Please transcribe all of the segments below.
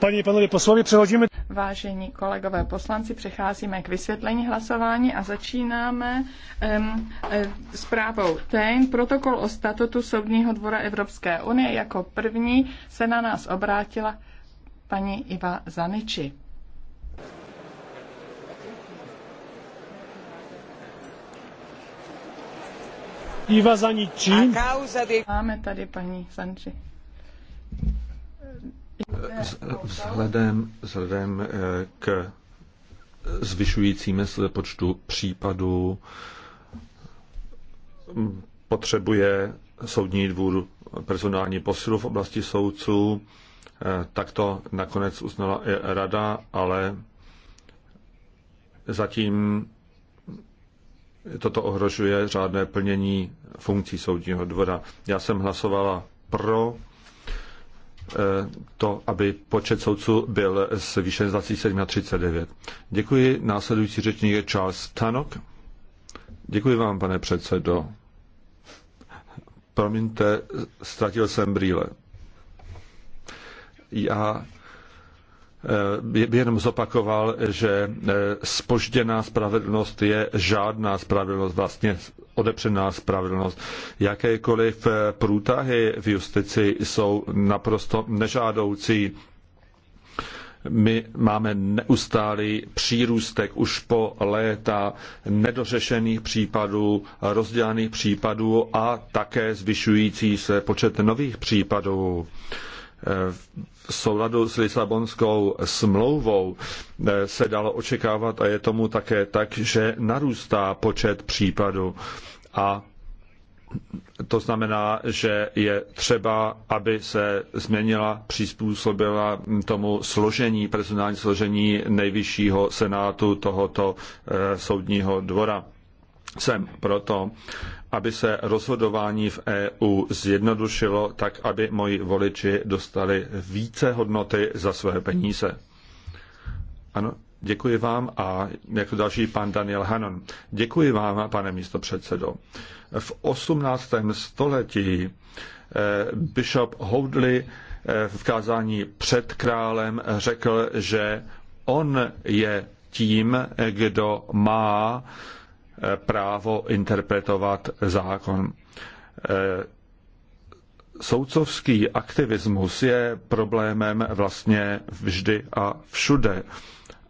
Paní, panovi poslovi, Vážení kolegové poslanci, přecházíme k vysvětlení hlasování a začínáme um, zprávou TEN, protokol o statutu Soudního dvora Evropské unie. Jako první se na nás obrátila paní Iva Zaniči. Iva Zaniči. Máme tady paní Zaniči. Vzhledem, vzhledem eh, k zvyšujícímu se počtu případů potřebuje soudní dvůr personální posilu v oblasti soudců. Eh, tak to nakonec uznala i rada, ale zatím toto ohrožuje řádné plnění funkcí soudního dvora. Já jsem hlasovala pro Eh, to, aby počet soudců byl zvýšen z 27 na 39. Děkuji. Následující řečník je Charles Tanok. Děkuji vám, pane předsedo. Promiňte, ztratil jsem brýle. Já Eh, by jenom zopakoval, že spožděná eh, spravedlnost je žádná spravedlnost, vlastně odepřená spravedlnost. Jakékoliv eh, průtahy v justici jsou naprosto nežádoucí. My máme neustálý přírůstek už po léta nedořešených případů, rozdělaných případů a také zvyšující se počet nových případů v souladu s Lisabonskou smlouvou eh, se dalo očekávat a je tomu také tak, že narůstá počet případů a to znamená, že je třeba, aby se změnila, přizpůsobila tomu složení, personální složení nejvyššího senátu tohoto eh, soudního dvora. Jsem proto, aby se rozhodování v EU zjednodušilo tak, aby moji voliči dostali více hodnoty za své peníze. Ano, děkuji vám a jako další pan Daniel Hanon. Děkuji vám, pane místopředsedo. V 18. století eh, Bishop Houdley eh, v kázání před králem řekl, že on je tím, kdo má právo interpretovat zákon. Eh, soudcovský aktivismus je problémem vlastně vždy a všude.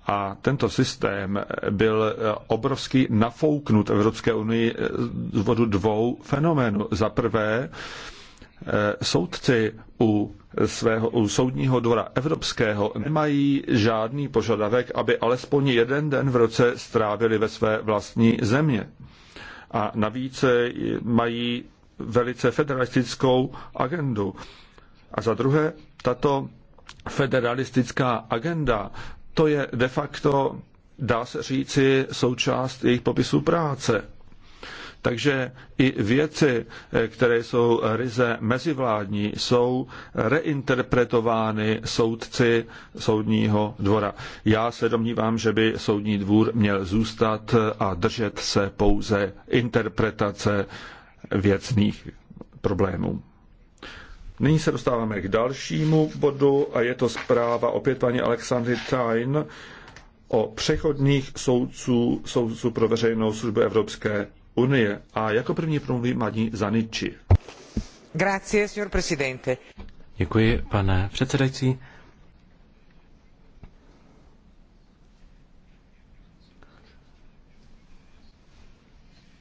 A tento systém byl eh, obrovský nafouknut Evropské unii eh, z vodu dvou fenoménů. Za prvé, Eh, soudci u svého u soudního dvora evropského nemají žádný požadavek, aby alespoň jeden den v roce strávili ve své vlastní země. A navíc eh, mají velice federalistickou agendu. A za druhé, tato federalistická agenda, to je de facto, dá se říci, součást jejich popisu práce. Takže i věci, eh, které jsou ryze mezivládní, jsou reinterpretovány soudci soudního dvora. Já se domnívám, že by soudní dvůr měl zůstat a držet se pouze interpretace věcných problémů. Nyní se dostáváme k dalšímu bodu a je to zpráva opět paní Alexandry Tyne o přechodných soudců, soudců pro veřejnou službu Evropské unie. A jako první promluví Madní Zaniči. Grazie, signor presidente. Děkuji, pane předsedající.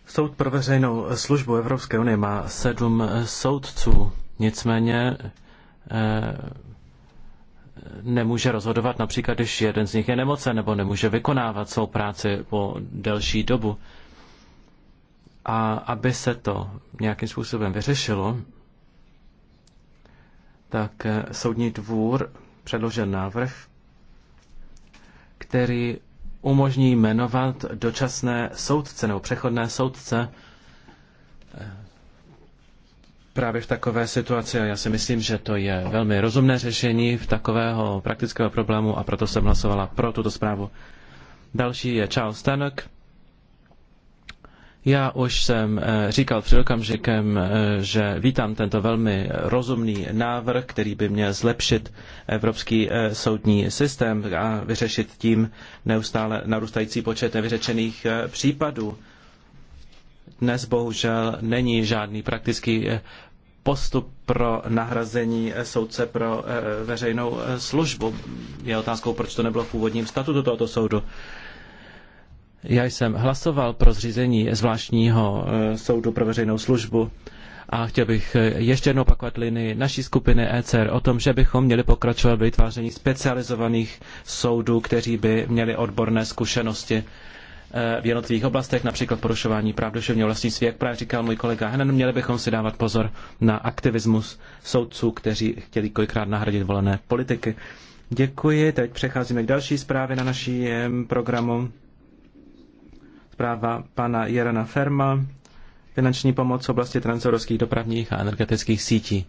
Soud pro veřejnou službu Evropské unie má sedm soudců, nicméně eh, nemůže rozhodovat například, když jeden z nich je nemocen nebo nemůže vykonávat svou práci po delší dobu. A aby se to nějakým způsobem vyřešilo, tak soudní dvůr předložil návrh, který umožní jmenovat dočasné soudce nebo přechodné soudce eh, právě v takové situaci. A já si myslím, že to je velmi rozumné řešení v takového praktického problému a proto jsem hlasovala pro tuto zprávu. Další je Charles Tannock já už jsem eh, říkal před okamžikem, eh, že vítám tento velmi rozumný návrh, který by měl zlepšit evropský eh, soudní systém a vyřešit tím neustále narůstající počet nevyřečených případů. Dnes bohužel není žádný praktický postup pro nahrazení soudce pro veřejnou službu. Je otázkou, proč to nebylo v původním statutu tohoto soudu. Já jsem hlasoval pro zřízení zvláštního eh, soudu pro veřejnou službu a chtěl bych eh, ještě jednou opakovat linii naší skupiny ECR o tom, že bychom měli pokračovat ve vytváření specializovaných soudů, kteří by měli odborné zkušenosti eh, v jednotlivých oblastech, například porušování práv duševního vlastnictví, jak právě říkal můj kolega Henen, měli bychom si dávat pozor na aktivismus soudců, kteří chtěli kolikrát nahradit volené politiky. Děkuji, teď přecházíme k další zprávě na našem programu. Zpráva pana Jarana Ferma, finanční pomoc v oblasti transeurovských dopravních a energetických sítí.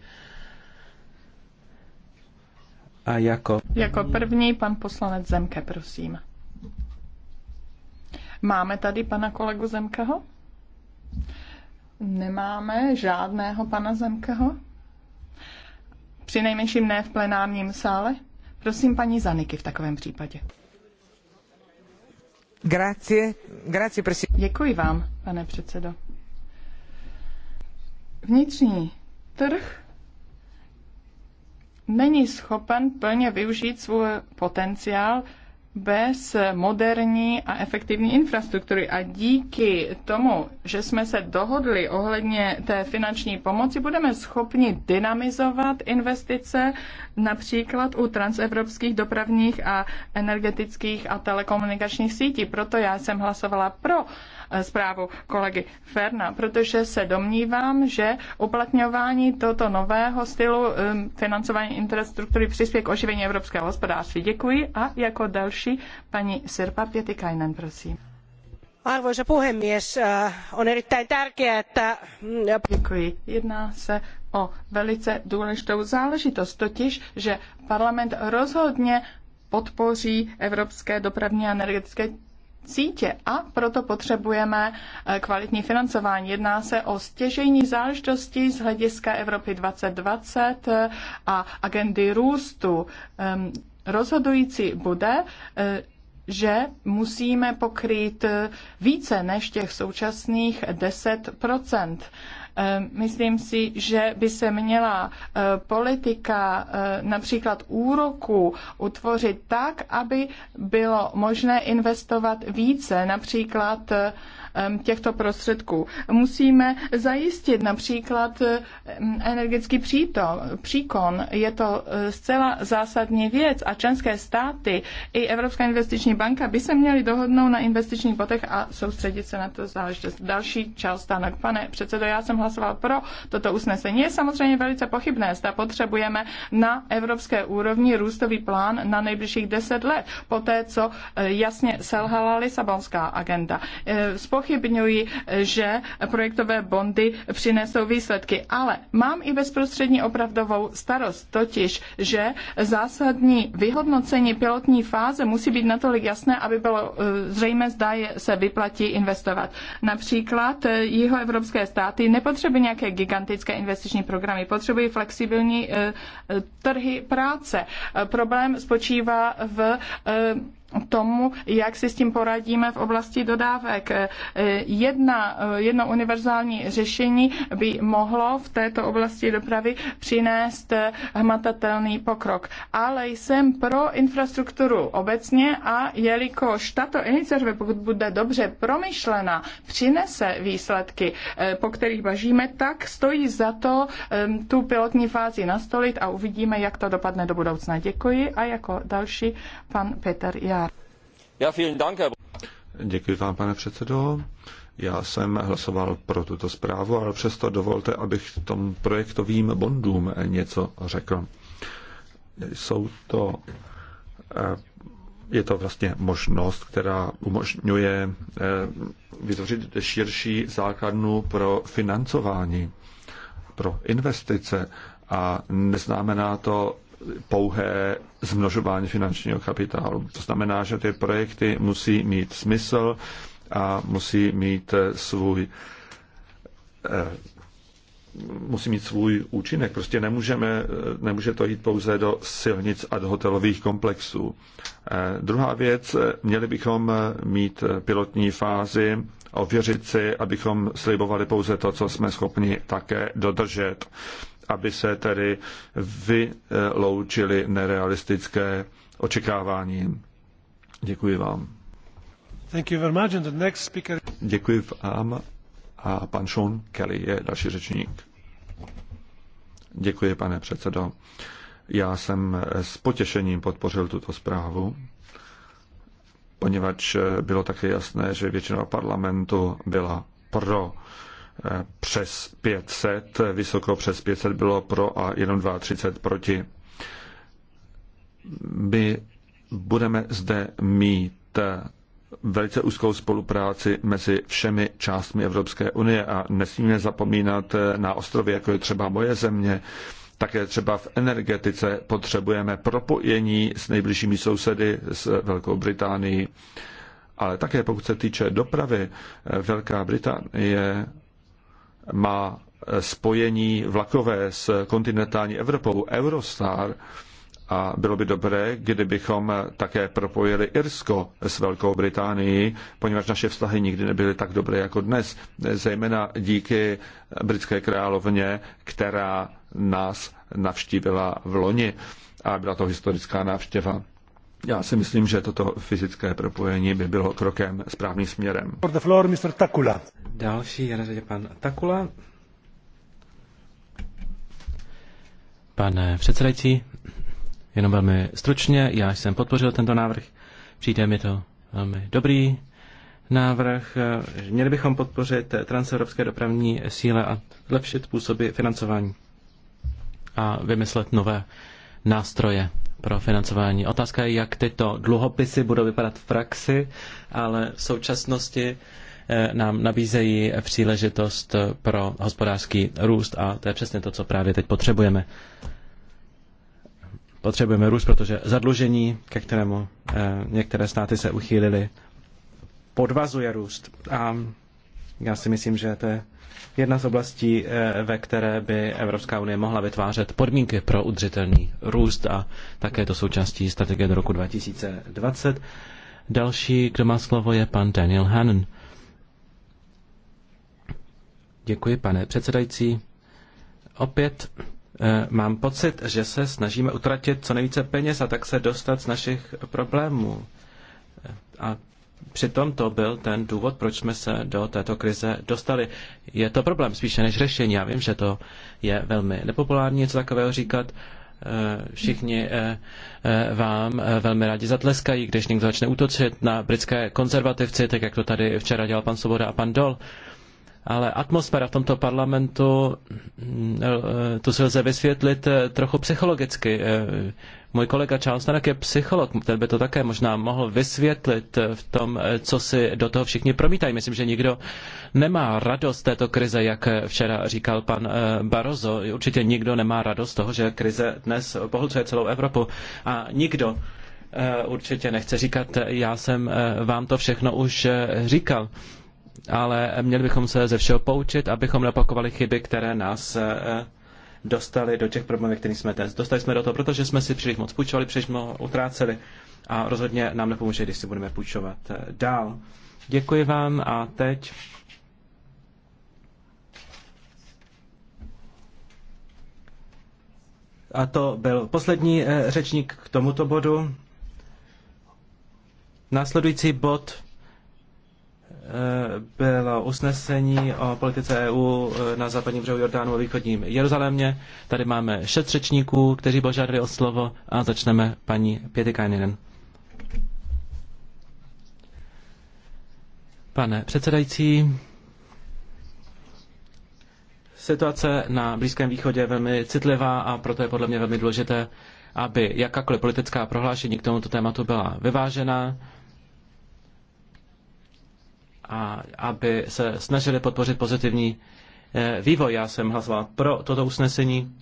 A jako... Jako první pan poslanec Zemke, prosím. Máme tady pana kolegu Zemkeho? Nemáme žádného pana Zemkeho? Přinejmenším ne v plenárním sále? Prosím paní Zaniky v takovém případě. Děkuji vám, pane předsedo. Vnitřní trh není schopen plně využít svůj potenciál bez moderní a efektivní infrastruktury. A díky tomu, že jsme se dohodli ohledně té finanční pomoci, budeme schopni dynamizovat investice například u transevropských dopravních a energetických a telekomunikačních sítí. Proto já jsem hlasovala pro eh, zprávu kolegy Ferna, protože se domnívám, že uplatňování tohoto nového stylu eh, financování infrastruktury přispěje k oživení evropského hospodářství. Děkuji a jako další Arvoisa puhemies, äh, on erittäin tärkeää, että... Mm, Jedná se o velice důležitou záležitost, totiž, že parlament rozhodně podpoří evropské dopravní a energetické sítě a proto potřebujeme eh, kvalitní financování. Jedná se o stěžejní záležitosti z hlediska Evropy 2020 eh, a agendy růstu. Ehm, Rozhodující bude, e, že musíme pokrýt e, více než těch současných 10 Eh, myslím si, že by se měla eh, politika eh, například úroku utvořit tak, aby bylo možné investovat více například těchto prostředků. Musíme zajistit například energetický přítom, příkon. Je to zcela zásadní věc a členské státy i Evropská investiční banka by se měly dohodnout na investičních botech a soustředit se na to záležitost. Další část stánek. Pane předsedo, já jsem hlasoval hlasoval pro toto usnesení. Je samozřejmě velice pochybné, zda potřebujeme na evropské úrovni růstový plán na nejbližších deset let, poté co e, jasně selhala Lisabonská agenda. E, spochybňuji, e, že projektové bondy přinesou výsledky, ale mám i bezprostřední opravdovou starost, totiž, že zásadní vyhodnocení pilotní fáze musí být natolik jasné, aby bylo zřejmé, zda se vyplatí investovat. Například jihoevropské státy nepo nepotřebují nějaké gigantické investiční programy, potřebují flexibilní eh, eh, trhy práce. Eh, problém spočívá v tomu, jak si s tím poradíme v oblasti dodávek. E, jedna, e, jedno univerzální řešení by mohlo v této oblasti dopravy přinést hmatatelný pokrok. Ale jsem pro infrastrukturu obecně a jelikož tato iniciativa, pokud bude dobře promyšlena, přinese výsledky, e, po kterých bažíme, tak stojí za to tu pilotní fázi nastolit a uvidíme, jak to dopadne do budoucna. Děkuji a jako další pan Peter Jar. Děkuji vám, pane předsedo. Já jsem hlasoval pro tuto zprávu, ale přesto dovolte, abych tom projektovým bondům něco řekl. Jsou to, eh, je to vlastně možnost, která umožňuje eh, vytvořit širší základnu pro financování, pro investice a neznamená to pouhé zmnožování finančního kapitálu. To znamená, že ty projekty musí mít smysl a musí mít eh, svůj eh, musí mít svůj účinek. Prostě nemůžeme, eh, nemůže to jít pouze do silnic a do hotelových komplexů. Druhá věc, měli bychom mít pilotní fázi, ověřit si, abychom slibovali pouze to, co jsme schopni také dodržet aby se tedy vyloučily nerealistické očekávání. Děkuji vám. Thank you very much. And the next speaker... Děkuji vám. A pan Sean Kelly je další řečník. Děkuji, pane předsedo. Já jsem s potěšením podpořil tuto zprávu, poněvadž bylo také jasné, že většina parlamentu byla pro přes 500, vysoko přes 500 bylo pro a jenom 32 proti. My budeme zde mít velice úzkou spolupráci mezi všemi částmi Evropské unie a nesmíme zapomínat na ostrovy, jako je třeba moje země. Také třeba v energetice potřebujeme propojení s nejbližšími sousedy, s Velkou Británií. Ale také pokud se týče dopravy, Velká Británie má spojení vlakové s kontinentální Evropou, Eurostar, a bylo by dobré, kdybychom také propojili Irsko s Velkou Británií, poněvadž naše vztahy nikdy nebyly tak dobré jako dnes, zejména díky britské královně, která nás navštívila v loni a byla to historická návštěva. Já si myslím, že toto fyzické propojení by bylo krokem správným směrem. the floor, Mr. Takula. Další je na řadě pan Takula. Pane předsedající, jenom velmi stručně, já jsem podpořil tento návrh. Přijde mi to velmi dobrý návrh. Měli bychom podpořit transevropské dopravní síle a zlepšit způsoby financování a vymyslet nové nástroje pro financování. Otázka je, jak tyto dluhopisy budou vypadat v praxi, ale v současnosti eh, nám nabízejí příležitost pro hospodářský růst a to je přesně to, co právě teď potřebujeme. Potřebujeme růst, protože zadlužení, ke kterému eh, některé státy se uchýlily, podvazuje růst. A já si myslím, že to je jedna z oblastí, eh, ve které by Evropská unie mohla vytvářet podmínky pro udržitelný růst a také to součástí strategie do roku 2020. Další, kdo má slovo, je pan Daniel Hannon. Děkuji, pane předsedající. Opět eh, mám pocit, že se snažíme utratit co nejvíce peněz a tak se dostat z našich problémů. Eh, a Přitom to byl ten důvod, proč jsme se do této krize dostali. Je to problém spíše než řešení. Já vím, že to je velmi nepopulární něco takového říkat. Eh, všichni eh, eh, vám velmi rádi zatleskají, když někdo začne útočit na britské konzervativci, tak jak to tady včera dělal pan Svoboda a pan Dol ale atmosféra v tomto parlamentu, mm, eh, to se lze vysvětlit eh, trochu psychologicky. Eh, můj kolega Charles Tanak je psycholog, ten by to také možná mohl vysvětlit v tom, co si do toho všichni promítají. Myslím, že nikdo nemá radost této krize, jak včera říkal pan Barroso. Určitě nikdo nemá radost toho, že krize dnes pohlcuje celou Evropu. A nikdo určitě nechce říkat, já jsem vám to všechno už říkal ale měli bychom se ze všeho poučit, abychom neopakovali chyby, které nás eh, dostali do těch problémů, které jsme dnes. Dostali jsme do toho, protože jsme si příliš moc půjčovali, příliš moc utráceli a rozhodně nám nepomůže, když si budeme půjčovat eh, dál. Děkuji vám a teď A to byl poslední eh, řečník k tomuto bodu. Následující bod bylo usnesení o politice EU e, na západním břehu Jordánu a východním Jeruzalémě. Tady máme šest řečníků, kteří požádali o slovo a začneme paní Pětikajninen. Pane předsedající, situace na Blízkém východě je velmi citlivá a proto je podle mě velmi důležité, aby jakákoliv politická prohlášení k tomuto tématu byla vyvážená a aby se snažili podpořit pozitivní eh, vývoj. Já jsem hlasoval pro toto usnesení.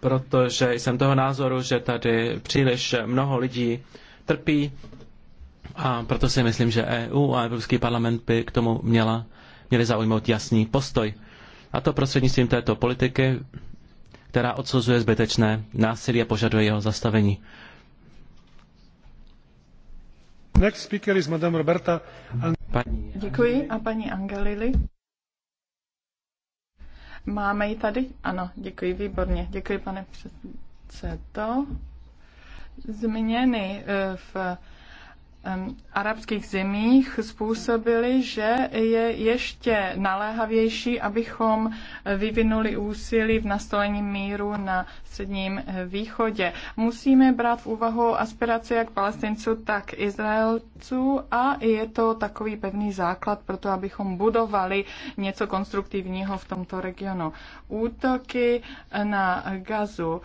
protože jsem toho názoru, že tady příliš mnoho lidí trpí a proto si myslím, že EU a Evropský parlament by k tomu měla, měli zaujmout jasný postoj. A to prostřednictvím této politiky, která odsuzuje zbytečné násilí a požaduje jeho zastavení. Next speaker is Madame Roberta. Děkuji a paní Angelili. Máme ji tady? Ano, děkuji, výborně. Děkuji, pane předsedo. Změny eh, v arabských zemích způsobily, že je ještě naléhavější, abychom vyvinuli úsilí v nastolení míru na Středním východě. Musíme brát v úvahu aspirace jak palestinců, tak Izraelců a je to takový pevný základ pro to, abychom budovali něco konstruktivního v tomto regionu. Útoky na gazu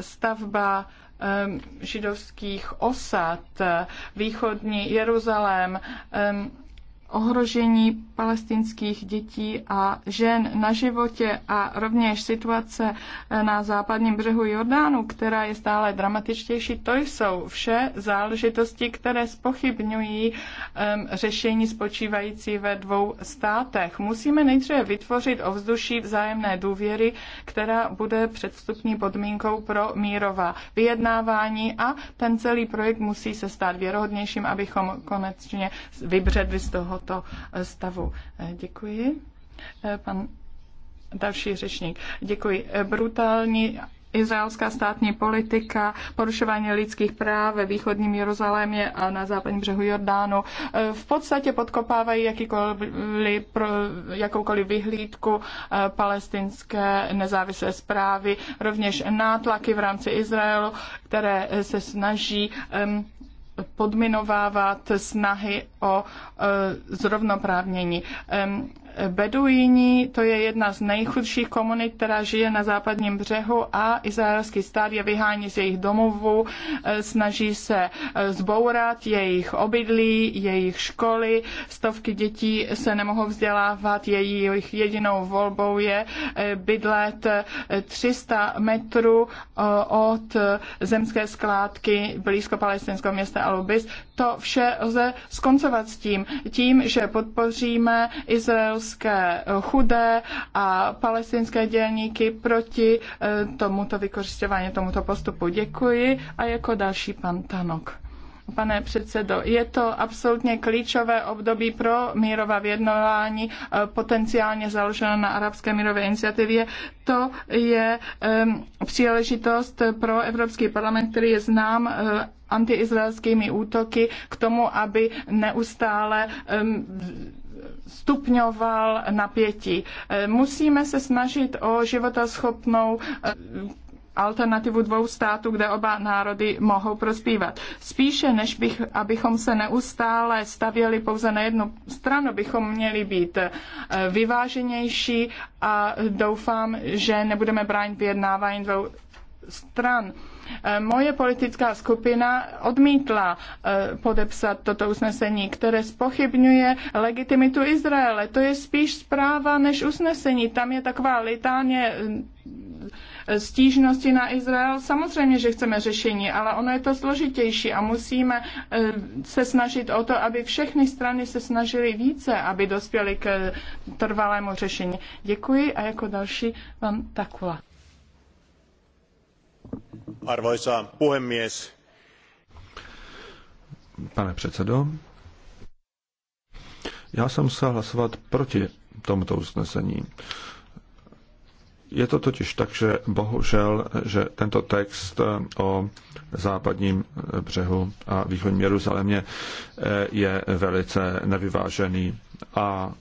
stavba židovských osad, východní Jeruzalém, ohrožení palestinských dětí a žen na životě a rovněž situace eh, na západním břehu Jordánu, která je stále dramatičtější, to jsou vše záležitosti, které spochybňují um, řešení spočívající ve dvou státech. Musíme nejdříve vytvořit ovzduší vzájemné důvěry, která bude předstupní podmínkou pro mírová vyjednávání a ten celý projekt musí se stát věrohodnějším, abychom konečně vybředli z toho tohoto eh, stavu. Eh, děkuji. Eh, pan další řečník. Děkuji. Brutální izraelská státní politika, porušování lidských práv ve východním Jeruzalémě a na západním břehu Jordánu v podstatě podkopávají jakýkoliv, jakoukoliv vyhlídku palestinské nezávislé zprávy, rovněž nátlaky v rámci Izraelu, které se snaží podminovávat snahy o e, zrovnoprávnění. Beduíni, to je jedna z nejchudších komunit, která žije na západním břehu a izraelský stát je vyhání z jejich domovů, eh, snaží se eh, zbourat jejich obydlí, jejich školy, stovky dětí se nemohou vzdělávat, jejich jedinou volbou je eh, bydlet 300 metrů od zemské skládky blízko palestinského města Alubis, to vše lze skoncovat s tím, tím, že podpoříme izraelské chudé a palestinské dělníky proti eh, tomuto vykořišťování, tomuto postupu. Děkuji a jako další pan Tanok. Pane předsedo, je to absolutně klíčové období pro mírová vědnování, eh, potenciálně založeno na arabské mírové iniciativě. To je um, příležitost pro Evropský parlament, který je znám uh, antiizraelskými útoky k tomu, aby neustále stupňoval napětí. Musíme se snažit o životaschopnou alternativu dvou států, kde oba národy mohou prospívat. Spíše, než bych, abychom se neustále stavěli pouze na jednu stranu, bychom měli být vyváženější a doufám, že nebudeme bránit vyjednávání dvou stran. Eh, moje politická skupina odmítla eh, podepsat toto usnesení, které spochybňuje legitimitu Izraele. To je spíš zpráva než usnesení. Tam je taková litáně eh, stížnosti na Izrael. Samozřejmě, že chceme řešení, ale ono je to složitější a musíme se snažit o to, aby všechny strany se snažily více, aby dospěly k trvalému řešení. Děkuji a jako další pan Takula. Arvoisa puhemies. Pane předsedo, já jsem se hlasovat proti tomuto usnesení. Je to totiž tak, že bohužel, že tento text eh, o západním břehu a východním Jeruzalémě eh, je velice nevyvážený a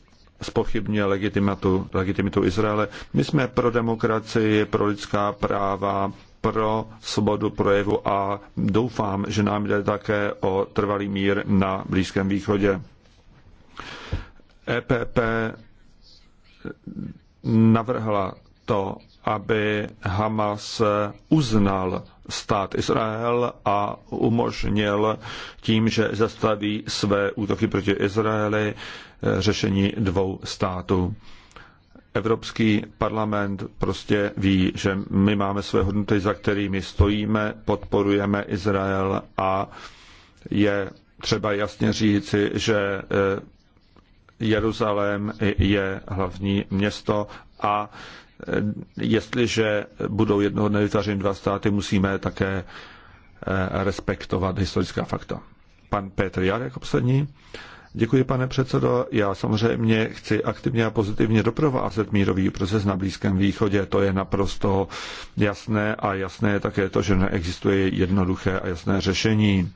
spochybňuje legitimitu, legitimitu Izraele. My jsme pro demokracii, pro lidská práva, pro svobodu projevu a doufám, že nám jde také o trvalý mír na Blízkém východě. EPP navrhla to, aby Hamas uznal stát Izrael a umožnil tím, že zastaví své útoky proti Izraeli eh, řešení dvou států. Evropský parlament prostě ví, že my máme své hodnoty, za kterými stojíme, podporujeme Izrael a je třeba jasně říci, že eh, Jeruzalém je hlavní město a eh, jestliže budou jednoho dne vytvořeny dva státy, musíme také eh, respektovat historická fakta. Pan Petr Jarek, poslední. Děkuji, pane předsedo. Já samozřejmě chci aktivně a pozitivně doprovázet mírový proces na Blízkém východě. To je naprosto jasné a jasné je také to, že neexistuje jednoduché a jasné řešení.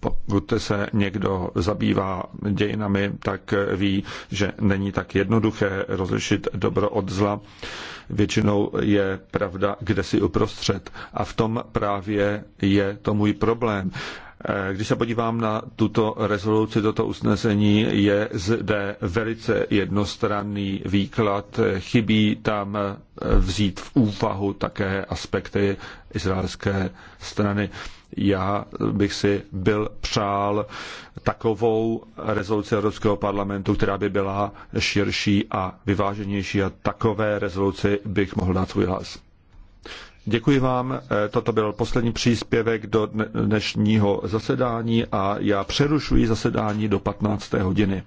Pokud se někdo zabývá dějinami, tak ví, že není tak jednoduché rozlišit dobro od zla. Většinou je pravda kde si uprostřed. A v tom právě je to můj problém Eh, když se podívám na tuto rezoluci, toto usnesení, je zde velice jednostranný výklad. Chybí tam eh, vzít v úvahu také aspekty izraelské strany. Já bych si byl přál takovou rezoluci Evropského parlamentu, která by byla širší a vyváženější a takové rezoluci bych mohl dát svůj hlas. Děkuji vám. Eh, toto byl poslední příspěvek do dnešního zasedání a já přerušuji zasedání do 15. hodiny.